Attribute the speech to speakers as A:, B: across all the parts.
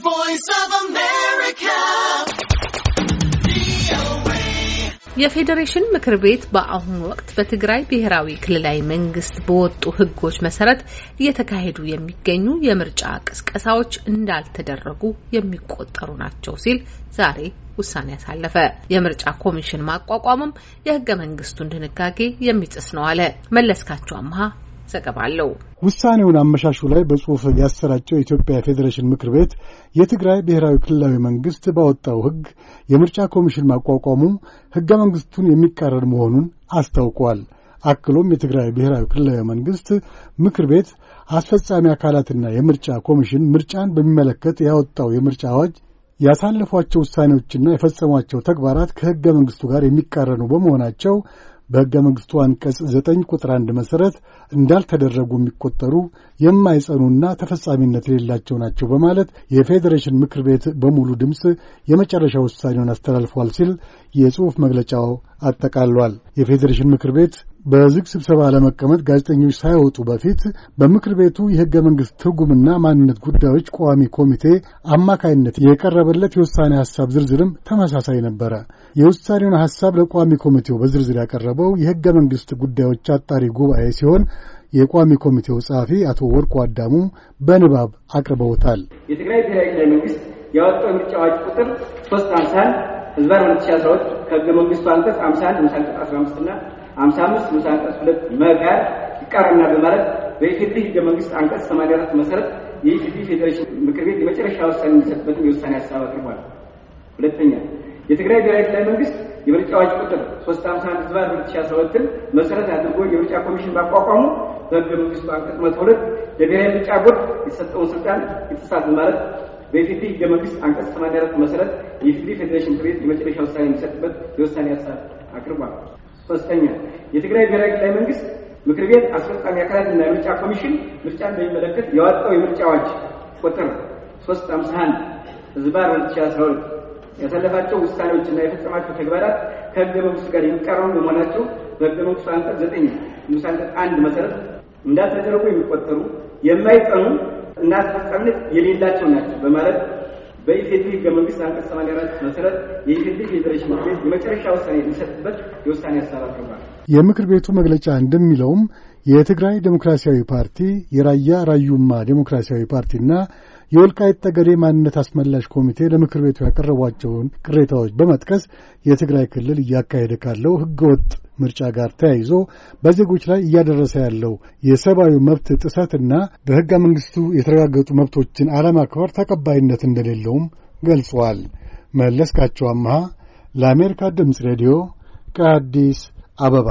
A: Voice of America.
B: የፌዴሬሽን ምክር ቤት በአሁኑ ወቅት በትግራይ ብሔራዊ ክልላዊ መንግስት በወጡ ህጎች መሰረት እየተካሄዱ የሚገኙ የምርጫ ቅስቀሳዎች እንዳልተደረጉ የሚቆጠሩ ናቸው ሲል ዛሬ ውሳኔ ያሳለፈ የምርጫ ኮሚሽን ማቋቋምም የህገ መንግስቱን ድንጋጌ የሚጥስ ነው አለ። መለስካቸው አምሃ ዘገባ አለው።
C: ውሳኔውን አመሻሹ ላይ በጽሑፍ ያሰራጨው የኢትዮጵያ ፌዴሬሽን ምክር ቤት የትግራይ ብሔራዊ ክልላዊ መንግስት ባወጣው ህግ የምርጫ ኮሚሽን ማቋቋሙ ህገ መንግስቱን የሚቃረን መሆኑን አስታውቋል። አክሎም የትግራይ ብሔራዊ ክልላዊ መንግስት ምክር ቤት አስፈጻሚ አካላትና የምርጫ ኮሚሽን ምርጫን በሚመለከት ያወጣው የምርጫ አዋጅ ያሳለፏቸው ውሳኔዎችና የፈጸሟቸው ተግባራት ከህገ መንግስቱ ጋር የሚቃረኑ በመሆናቸው በሕገ መንግሥቱ አንቀጽ ዘጠኝ ቁጥር አንድ መሠረት እንዳልተደረጉ የሚቆጠሩ የማይጸኑና ተፈጻሚነት የሌላቸው ናቸው በማለት የፌዴሬሽን ምክር ቤት በሙሉ ድምፅ የመጨረሻ ውሳኔውን አስተላልፏል ሲል የጽሑፍ መግለጫው አጠቃሏል። የፌዴሬሽን ምክር ቤት በዝግ ስብሰባ ለመቀመጥ ጋዜጠኞች ሳይወጡ በፊት በምክር ቤቱ የሕገ መንግሥት ትርጉምና ማንነት ጉዳዮች ቋሚ ኮሚቴ አማካይነት የቀረበለት የውሳኔ ሐሳብ ዝርዝርም ተመሳሳይ ነበረ። የውሳኔውን ሐሳብ ለቋሚ ኮሚቴው በዝርዝር ያቀረበው የሕገ መንግሥት ጉዳዮች አጣሪ ጉባኤ ሲሆን የቋሚ ኮሚቴው ጸሐፊ አቶ ወርቁ አዳሙ በንባብ አቅርበውታል።
D: የትግራይ ብሔራዊ ክልላዊ መንግስት ያወጣው የምርጫ አዋጅ ቁጥር ሶስት አምሳን ህዝባር ሁለት ሺ አስራ ሁለት ከህገ መንግስቱ አንቀጽ አምሳ አንድ አምሳ አንቀጽ አስራ አምስት ና አምሳ አምስት ንዑስ አንቀጽ ሁለት መቃር ይቃረና በማለት በኢፌዴሪ ህገ መንግስት አንቀጽ ሰማንያ አራት መሰረት የኢፌዴሪ ፌዴሬሽን ምክር ቤት የመጨረሻ ውሳኔ የሚሰጥበትን የውሳኔ ሀሳብ አቅርቧል። ሁለተኛ የትግራይ ብሔራዊ ክልላዊ መንግስት የምርጫ አዋጅ ቁጥር 351 ዝባር 2017 መሰረት አድርጎ የምርጫ ኮሚሽን ባቋቋሙ በህገ መንግስቱ አንቀጽ 102 ለብሔራዊ ምርጫ ቦርድ የተሰጠውን ስልጣን የተሳት ማለት በኢፌዴሪ ህገ መንግስት አንቀጽ 84 መሰረት የኢፌዴሪ ፌዴሬሽን ምክር ቤት የመጨረሻ ውሳኔ የሚሰጥበት የውሳኔ ሀሳብ አቅርቧል። ሶስተኛ የትግራይ ብሔራዊ ክልላዊ መንግስት ምክር ቤት አስፈጻሚ አካላትና የምርጫ ኮሚሽን ምርጫን በሚመለከት ያወጣው የምርጫ አዋጅ ቁጥር 351 ህዝባር 2012 ያሳለፋቸው ውሳኔዎችና የፈጸማቸው ተግባራት ከህገ መንግስቱ ጋር የሚቃረኑ በመሆናቸው በህገ መንግስቱ አንቀጽ 9 ንዑስ አንቀጽ 1 መሰረት እንዳልተደረጉ የሚቆጠሩ የማይጠኑ እና አስፈጻሚነት የሌላቸው ናቸው በማለት በኢፌዴሪ ህገ መንግስት አንቀጽ መሰረት የኢፌዴሪ ፌዴሬሽን ምክር ቤት የመጨረሻ ውሳኔ የሚሰጥበት የውሳኔ
C: የምክር ቤቱ መግለጫ እንደሚለውም የትግራይ ዴሞክራሲያዊ ፓርቲ፣ የራያ ራዩማ ዴሞክራሲያዊ ፓርቲና የወልቃይት ጠገዴ ማንነት አስመላሽ ኮሚቴ ለምክር ቤቱ ያቀረቧቸውን ቅሬታዎች በመጥቀስ የትግራይ ክልል እያካሄደ ካለው ህገወጥ ምርጫ ጋር ተያይዞ በዜጎች ላይ እያደረሰ ያለው የሰብአዊ መብት ጥሰትና በህገ መንግስቱ የተረጋገጡ መብቶችን አለማክበር ተቀባይነት እንደሌለውም ገልጸዋል። መለስካቸው አምሃ ለአሜሪካ ድምፅ ሬዲዮ ከአዲስ አበባ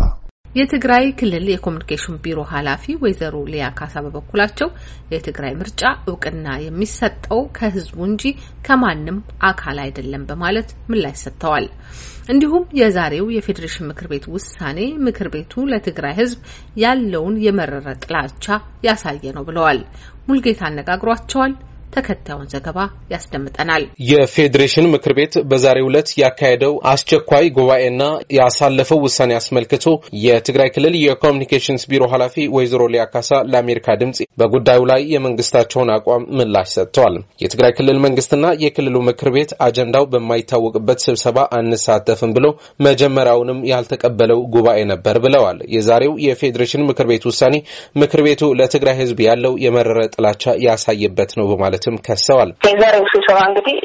B: የትግራይ ክልል የኮሚኒኬሽን ቢሮ ኃላፊ ወይዘሮ ሊያ ካሳ በበኩላቸው የትግራይ ምርጫ እውቅና የሚሰጠው ከህዝቡ እንጂ ከማንም አካል አይደለም በማለት ምላሽ ሰጥተዋል። እንዲሁም የዛሬው የፌዴሬሽን ምክር ቤት ውሳኔ ምክር ቤቱ ለትግራይ ህዝብ ያለውን የመረረ ጥላቻ ያሳየ ነው ብለዋል። ሙልጌታ አነጋግሯቸዋል። ተከታዩን ዘገባ ያስደምጠናል።
E: የፌዴሬሽን ምክር ቤት በዛሬው ዕለት ያካሄደው አስቸኳይ ጉባኤና ያሳለፈው ውሳኔ አስመልክቶ የትግራይ ክልል የኮሚኒኬሽንስ ቢሮ ኃላፊ ወይዘሮ ሊያ ካሳ ለአሜሪካ ድምጽ በጉዳዩ ላይ የመንግስታቸውን አቋም ምላሽ ሰጥተዋል። የትግራይ ክልል መንግስትና የክልሉ ምክር ቤት አጀንዳው በማይታወቅበት ስብሰባ አንሳተፍም ብሎ መጀመሪያውንም ያልተቀበለው ጉባኤ ነበር ብለዋል። የዛሬው የፌዴሬሽን ምክር ቤት ውሳኔ ምክር ቤቱ ለትግራይ ህዝብ ያለው የመረረ ጥላቻ ያሳየበት ነው በማለት በማለትም ከሰዋል። የዛሬው
A: ስብሰባ እንግዲህ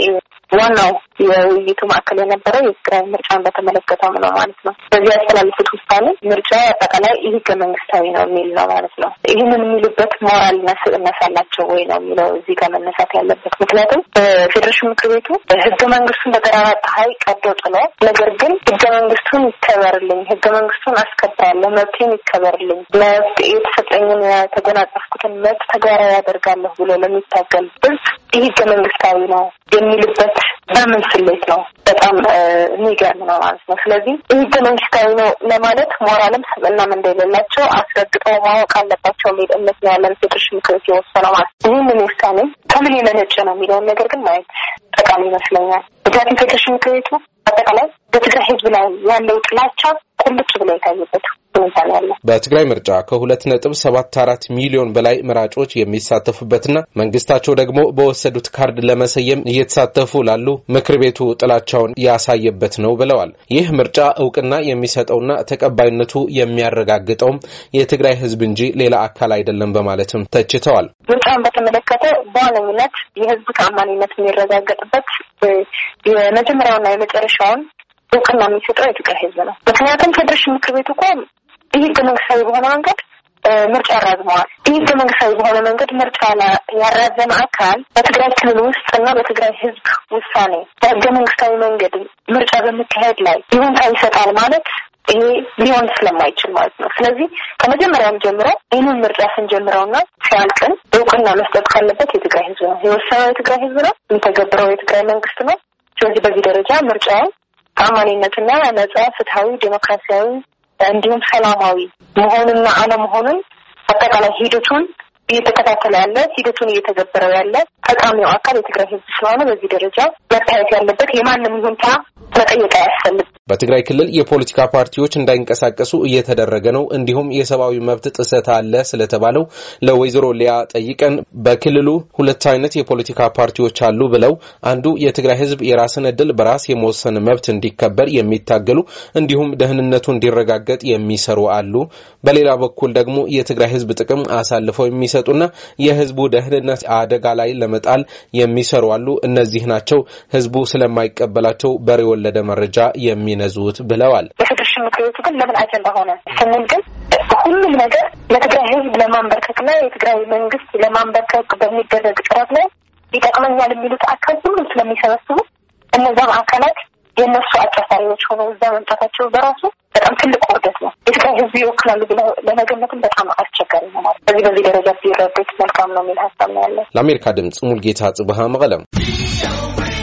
A: ዋናው የውይይቱ ማዕከል የነበረው የትግራይ ምርጫን በተመለከተው ነው ማለት ነው። በዚህ ያስተላለፉት ውሳኔ ምርጫ አጠቃላይ ህገ መንግስታዊ ነው የሚል ነው ማለት ነው። ይህንን የሚሉበት ሞራል ነስእነት አላቸው ወይ ነው የሚለው እዚህ ጋር መነሳት ያለበት። ምክንያቱም በፌዴሬሽን ምክር ቤቱ ህገ መንግስቱን በጠራራ ፀሐይ ቀዶ ጥሎ፣ ነገር ግን ህገ መንግስቱን ይከበርልኝ፣ ህገ መንግስቱን አስከብራለሁ፣ መብቴን ይከበርልኝ፣ መብት የተሰጠኝን ተጎናጸፍኩትን መብት ተግባራዊ ያደርጋለሁ ብሎ ለሚታገል ህዝብ ህገ መንግስታዊ ነው የሚልበት በምን ስሌት ነው? በጣም የሚገርም ነው ማለት ነው። ስለዚህ ህገ መንግስታዊ ነው ለማለት ሞራልም ስብዕናም እንደሌላቸው አስረግጠው ማወቅ አለባቸው የሚል እምነት ነው ያለን ሴቶች ምክር ቤት የወሰነው ማለት ነው። ይህንን ውሳኔ ከምን የመነጨ ነው የሚለውን ነገር ግን ማየት ጠቃሚ ይመስለኛል። ምክንያቱም ሴቶች ምክር ቤቱ አጠቃላይ በትግራይ ህዝብ ላይ ያለው ጥላቻ ቁልጭ ብሎ የታየበት ሁኔታ ነው ያለው።
E: በትግራይ ምርጫ ከሁለት ነጥብ ሰባት አራት ሚሊዮን በላይ መራጮች የሚሳተፉበትና መንግስታቸው ደግሞ በወሰዱት ካርድ ለመሰየም እየተሳተፉ ላሉ ምክር ቤቱ ጥላቻውን ያሳየበት ነው ብለዋል። ይህ ምርጫ እውቅና የሚሰጠውና ተቀባይነቱ የሚያረጋግጠውም የትግራይ ህዝብ እንጂ ሌላ አካል አይደለም በማለትም ተችተዋል።
A: ምርጫን በተመለከተ በዋነኝነት የህዝብ ተአማኒነት የሚረጋገጥበት የመጀመሪያውና የመጨረሻውን እውቅና የሚሰጠው የትግራይ ህዝብ ነው። ምክንያቱም ፌዴሬሽን ምክር ቤቱ እኮ ይህ ህገ መንግስታዊ በሆነ መንገድ ምርጫ ያራዝመዋል። ይህ ህገ መንግስታዊ በሆነ መንገድ ምርጫ ያራዘመ አካል በትግራይ ክልል ውስጥ እና በትግራይ ህዝብ ውሳኔ በህገ መንግስታዊ መንገድ ምርጫ በመካሄድ ላይ ይሁንታ ይሰጣል ማለት ይሄ ሊሆን ስለማይችል ማለት ነው። ስለዚህ ከመጀመሪያም ጀምሮ ይህንን ምርጫ ስንጀምረውና ሲያልቅን እውቅና መስጠት ካለበት የትግራይ ህዝብ ነው የወሰነው፣ የትግራይ ህዝብ ነው የሚተገብረው፣ የትግራይ መንግስት ነው። ስለዚህ በዚህ ደረጃ ምርጫውን ተአማኒነትና ነጻ፣ ፍትሀዊ፣ ዴሞክራሲያዊ እንዲሁም ሰላማዊ አለ አለመሆኑን አጠቃላይ ሂደቱን እየተከታተለ ያለ ሂደቱን እየተገበረው ያለ ጠቃሚው አካል የትግራይ ህዝብ ስለሆነ በዚህ ደረጃ መታየት ያለበት የማንም ይሁንታ መጠየቅ አያስፈልግም።
E: በትግራይ ክልል የፖለቲካ ፓርቲዎች እንዳይንቀሳቀሱ እየተደረገ ነው፣ እንዲሁም የሰብአዊ መብት ጥሰት አለ ስለተባለው ለወይዘሮ ሊያ ጠይቀን በክልሉ ሁለት አይነት የፖለቲካ ፓርቲዎች አሉ ብለው አንዱ የትግራይ ሕዝብ የራስን እድል በራስ የመወሰን መብት እንዲከበር የሚታገሉ እንዲሁም ደህንነቱ እንዲረጋገጥ የሚሰሩ አሉ፣ በሌላ በኩል ደግሞ የትግራይ ሕዝብ ጥቅም አሳልፈው የሚሰጡና የሕዝቡ ደህንነት አደጋ ላይ ለመጣል የሚሰሩ አሉ። እነዚህ ናቸው ሕዝቡ ስለማይቀበላቸው በሬ ወለደ መረጃ የሚ የሚነዙት ብለዋል።
A: የፌዴሬሽን ምክር ቤቱ ግን ለምን አጀንዳ ሆነ ስንል ግን ሁሉም ነገር ለትግራይ ለማንበርከክ ና የትግራይ መንግስት ለማንበርከክ በሚደረግ ጥረት ላይ ይጠቅመኛል የሚሉት አካል ሁሉም ስለሚሰበስቡ እነዛም አካላት የእነሱ አጫፋሪዎች ሆነው እዛ መምጣታቸው በራሱ በጣም ትልቅ ውርደት ነው። የትግራይ ህዝብ ይወክላሉ ብለ ለመገመትም በጣም አስቸጋሪ ነው በዚህ በዚህ ደረጃ ቢረዱት መልካም ነው የሚል ሀሳብ ነው ያለን።
E: ለአሜሪካ ድምፅ ሙልጌታ ጽብሃ መቀለም